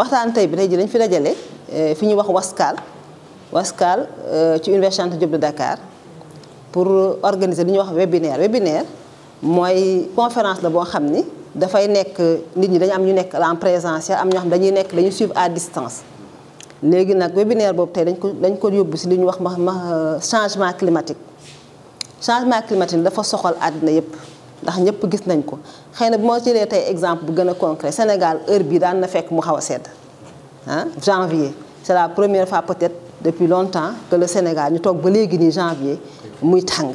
waxtaan tey bi tey ji dañ fi dajale eh, fi ñu wax waskaal waskaal eh, ci université Anta Diop de Dakar pour organiser li ñuy wax webinaire webinaire mooy conférence la boo xam ni dafay nekk nit ñi dañu am ñu nekk en présentiel am ñoo xam dañuy nekk dañuy suivre à distance léegi nag webinaire boobu tey dañ ko dañ ko yóbbu si li ñuy wax ma ma euh, changement climatique changement climatique dafa soxal àddina yépp ndax ñëpp gis nañ ko xëy na bi moo jëlee tey exemple bu gën a concret Sénégal heure bii daan na fekk mu xaw a sedd ah janvier c'est la première fois peut-être depuis longtemps que le Sénégal ñu toog ba léegi nii janvier muy tàng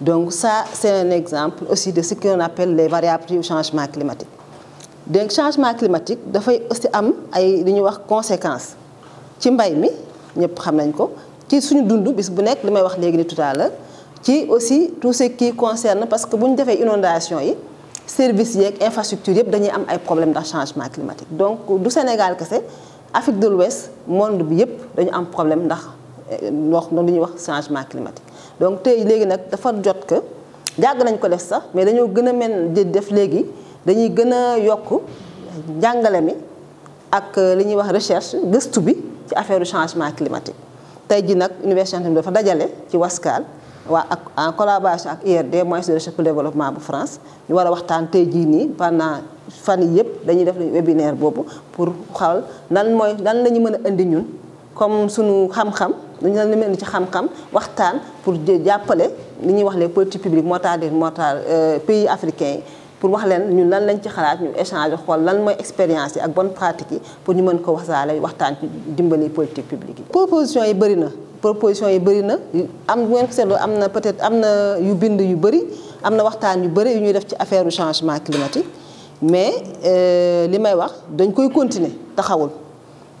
donc ça c'est un exemple aussi de ce qu'on appelle les variables du changement climatique donc changement climatique dafay aussi am ay li ñuy wax conséquences ci mbay mi ñëpp xam nañ ko ci suñu dund bis bu nekk li may wax léegi ni tout ci aussi tout ce qui concerne parce que bu ñu defee inondation yi service yeeg infrastructure yëpp dañuy am ay problème ndax changement climatique donc du Sénégal kese Afrique de l'Ouest monde bi yëpp dañu am problème ndax eh, wax lu ñuy wax changement climatique donc tey léegi nag dafa jot ko jàgg nañ ko def sax mais dañoo gën a mel di def léegi dañuy gën a yokk njàngale mi ak euh, li ñuy wax recherche gëstu bi ci affaire changement climatique tey ji nag université dafa dajale ci waskaal waa ak en collaboration ak IRD moyens de recherche pour développement bu France ñu war a waxtaan tey jii nii pendant fan yii yëpp dañuy def webinaire boobu pour xal nan mooy lan la ñu mën a indi ñun comme suñu xam-xam dañu la mel ni ci xam-xam waxtaan pour jàppale li ñuy wax les politiques publiques mortales mortales euh, pays africains yi pour wax leen ñun lan lañ ci xalaat ñu échanger xool lan mooy expérience yi ak bonne pratique yi pour ñu mën ko wasaale waxtaan dimbali politique publique yi. propositions yi bëri na. proposition yi bëri na am bu ngeen ko seetloo am na peut-être am na yu bind yu bëri am na waxtaan yu bëri yu ñuy def ci affaire changement climatique mais euh, li may wax dañ koy continuer taxawul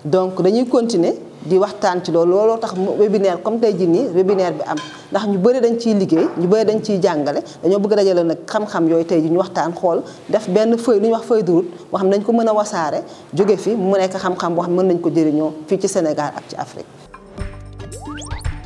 donc dañuy continuer di waxtaan ci loolu looloo tax webinaire comme tey jii nii webinaire bi am ndax ñu bëri dañ ciy liggéey ñu bëri dañ ciy jàngale dañoo bëgg dajale nag xam-xam yooyu tey jii ñu waxtaan xool def benn feuille lu ñuy wax feuille de wax boo xam ne ko mën a wasaare jóge fi mu nekk xam-xam mën nañ ko jëriñoo fii ci Sénégal ak ci Afrique